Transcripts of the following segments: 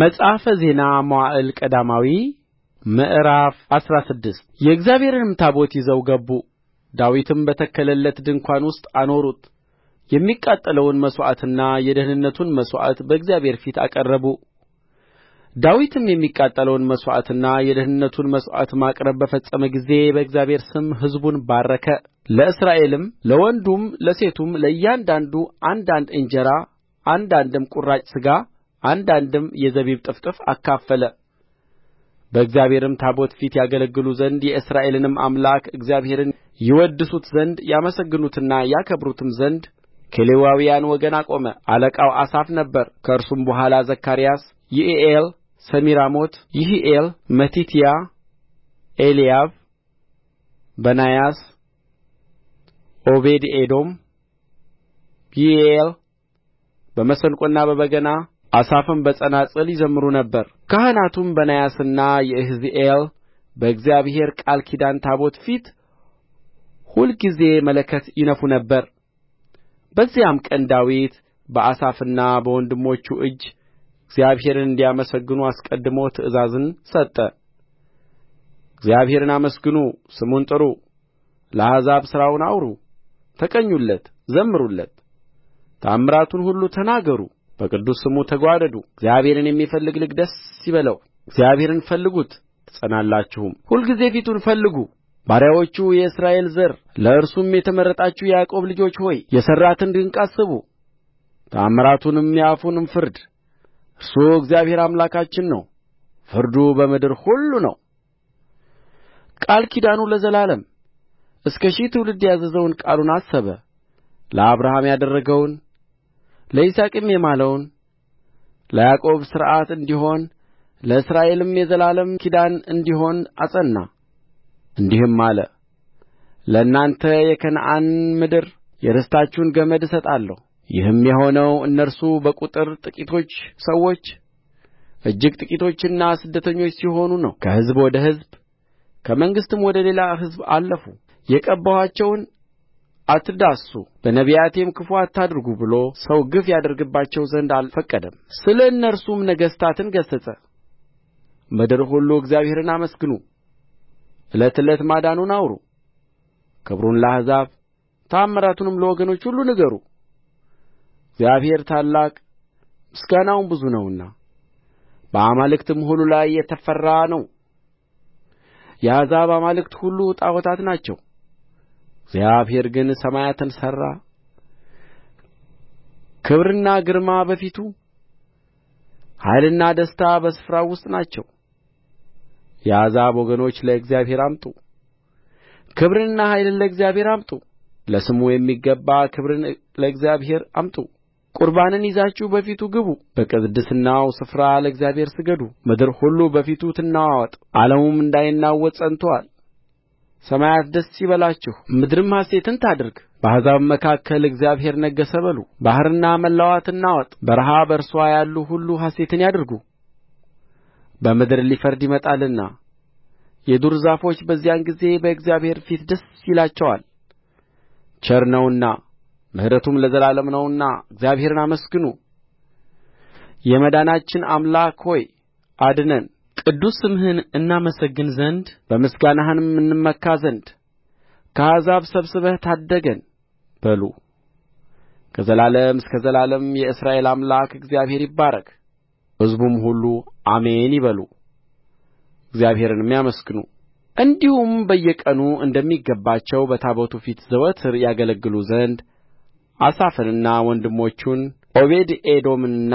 መጽሐፈ ዜና መዋዕል ቀዳማዊ ምዕራፍ አስራ ስድስት የእግዚአብሔርንም ታቦት ይዘው ገቡ ዳዊትም በተከለለት ድንኳን ውስጥ አኖሩት የሚቃጠለውን መሥዋዕትና የደኅንነቱን መሥዋዕት በእግዚአብሔር ፊት አቀረቡ ዳዊትም የሚቃጠለውን መሥዋዕትና የደኅንነቱን መሥዋዕት ማቅረብ በፈጸመ ጊዜ በእግዚአብሔር ስም ሕዝቡን ባረከ ለእስራኤልም ለወንዱም ለሴቱም ለእያንዳንዱ አንዳንድ እንጀራ አንዳንድም ቍራጭ ሥጋ አንዳንድም የዘቢብ ጥፍጥፍ አካፈለ በእግዚአብሔርም ታቦት ፊት ያገለግሉ ዘንድ የእስራኤልንም አምላክ እግዚአብሔርን ይወድሱት ዘንድ ያመሰግኑትና ያከብሩትም ዘንድ ከሌዋውያን ወገን አቆመ አለቃው አሳፍ ነበረ ከእርሱም በኋላ ዘካርያስ ይዒኤል ሰሚራሞት ይሒኤል መቲትያ ኤልያብ በናያስ ዖቤድኤዶም ይዒኤል በመሰንቆና በበገና አሳፍም በጸናጽል ይዘምሩ ነበር ካህናቱም በናያስና የሕዚኤል በእግዚአብሔር ቃል ኪዳን ታቦት ፊት ሁልጊዜ መለከት ይነፉ ነበር በዚያም ቀን ዳዊት በአሳፍና በወንድሞቹ እጅ እግዚአብሔርን እንዲያመሰግኑ አስቀድሞ ትእዛዝን ሰጠ እግዚአብሔርን አመስግኑ ስሙን ጥሩ ለአሕዛብ ሥራውን አውሩ ተቀኙለት ዘምሩለት ተአምራቱን ሁሉ ተናገሩ በቅዱስ ስሙ ተጓደዱ እግዚአብሔርን የሚፈልግ ልብ ደስ ይበለው እግዚአብሔርን ፈልጉት ትጸናላችሁም ሁልጊዜ ፊቱን ፈልጉ ባሪያዎቹ የእስራኤል ዘር ለእርሱም የተመረጣችሁ የያዕቆብ ልጆች ሆይ የሠራትን ድንቅ አስቡ ተአምራቱንም የአፉንም ፍርድ እርሱ እግዚአብሔር አምላካችን ነው ፍርዱ በምድር ሁሉ ነው ቃል ኪዳኑ ለዘላለም እስከ ሺህ ትውልድ ያዘዘውን ቃሉን አሰበ ለአብርሃም ያደረገውን ለይስሐቅም የማለውን ለያዕቆብ ሥርዓት እንዲሆን ለእስራኤልም የዘላለም ኪዳን እንዲሆን አጸና እንዲህም አለ ለእናንተ የከነዓንን ምድር የርስታችሁን ገመድ እሰጣለሁ ይህም የሆነው እነርሱ በቍጥር ጥቂቶች ሰዎች እጅግ ጥቂቶችና ስደተኞች ሲሆኑ ነው ከሕዝብ ወደ ሕዝብ ከመንግሥትም ወደ ሌላ ሕዝብ አለፉ የቀባኋቸውን አትዳስሱ በነቢያቴም ክፉ አታድርጉ ብሎ ሰው ግፍ ያደርግባቸው ዘንድ አልፈቀደም ስለ እነርሱም ነገሥታትን ገሠጸ ምድር ሁሉ እግዚአብሔርን አመስግኑ ዕለት ዕለት ማዳኑን አውሩ ክብሩን ለአሕዛብ ተአምራቱንም ለወገኖች ሁሉ ንገሩ እግዚአብሔር ታላቅ ምስጋናውም ብዙ ነውና በአማልክትም ሁሉ ላይ የተፈራ ነው የአሕዛብ አማልክት ሁሉ ጣዖታት ናቸው እግዚአብሔር ግን ሰማያትን ሠራ ክብርና ግርማ በፊቱ ኃይልና ደስታ በስፍራው ውስጥ ናቸው የአሕዛብ ወገኖች ለእግዚአብሔር አምጡ ክብርንና ኃይልን ለእግዚአብሔር አምጡ ለስሙ የሚገባ ክብርን ለእግዚአብሔር አምጡ ቍርባንን ይዛችሁ በፊቱ ግቡ በቅድስናው ስፍራ ለእግዚአብሔር ስገዱ ምድር ሁሉ በፊቱ ትነዋወጥ ዓለሙም እንዳይናወጥ ጸንቶአል ሰማያት ደስ ይበላችሁ ምድርም ሐሤትን ታድርግ በአሕዛብም መካከል እግዚአብሔር ነገሠ በሉ ባሕርና ሞላዋ ትናወጥ በረሃ በእርስዋ ያሉ ሁሉ ሐሤትን ያድርጉ በምድር ሊፈርድ ይመጣልና የዱር ዛፎች በዚያን ጊዜ በእግዚአብሔር ፊት ደስ ይላቸዋል ቸር ነውና ምሕረቱም ለዘላለም ነውና እግዚአብሔርን አመስግኑ የመዳናችን አምላክ ሆይ አድነን ቅዱስ ስምህን እናመሰግን ዘንድ በምስጋናህም እንመካ ዘንድ ከአሕዛብ ሰብስበህ ታደገን በሉ ከዘላለም እስከ ዘላለም የእስራኤል አምላክ እግዚአብሔር ይባረክ ሕዝቡም ሁሉ አሜን ይበሉ እግዚአብሔርንም ያመስግኑ እንዲሁም በየቀኑ እንደሚገባቸው በታቦቱ ፊት ዘወትር ያገለግሉ ዘንድ አሳፍንና ወንድሞቹን ዖቤድኤዶምንና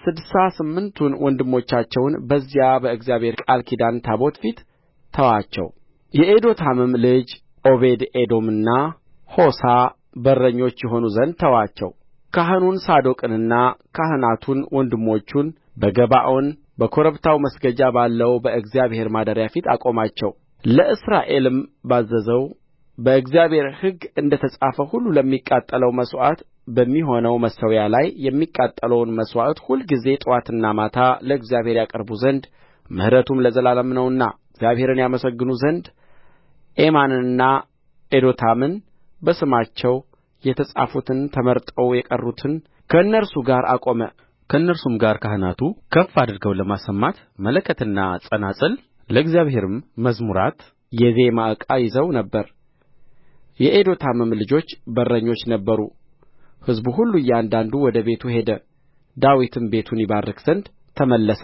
ስድሳ ስምንቱን ወንድሞቻቸውን በዚያ በእግዚአብሔር ቃል ኪዳን ታቦት ፊት ተዋቸው የኤዶታምም ልጅ ዖቤድኤዶምና ሖሳ በረኞች ይሆኑ ዘንድ ተዋቸው ካህኑን ሳዶቅንና ካህናቱን ወንድሞቹን በገባዖን በኮረብታው መስገጃ ባለው በእግዚአብሔር ማደሪያ ፊት አቆማቸው። ለእስራኤልም ባዘዘው በእግዚአብሔር ሕግ እንደ ተጻፈ ሁሉ ለሚቃጠለው መሥዋዕት በሚሆነው መሠዊያ ላይ የሚቃጠለውን መሥዋዕት ሁልጊዜ ጥዋትና ማታ ለእግዚአብሔር ያቀርቡ ዘንድ ምሕረቱም ለዘላለም ነውና እግዚአብሔርን ያመሰግኑ ዘንድ ኤማንንና ኤዶታምን በስማቸው የተጻፉትን ተመርጠው የቀሩትን ከእነርሱ ጋር አቆመ። ከእነርሱም ጋር ካህናቱ ከፍ አድርገው ለማሰማት መለከትና ጸናጽል ለእግዚአብሔርም መዝሙራት የዜማ ዕቃ ይዘው ነበር። የኤዶታምም ልጆች በረኞች ነበሩ። ሕዝቡ ሁሉ እያንዳንዱ ወደ ቤቱ ሄደ ዳዊትም ቤቱን ይባርክ ዘንድ ተመለሰ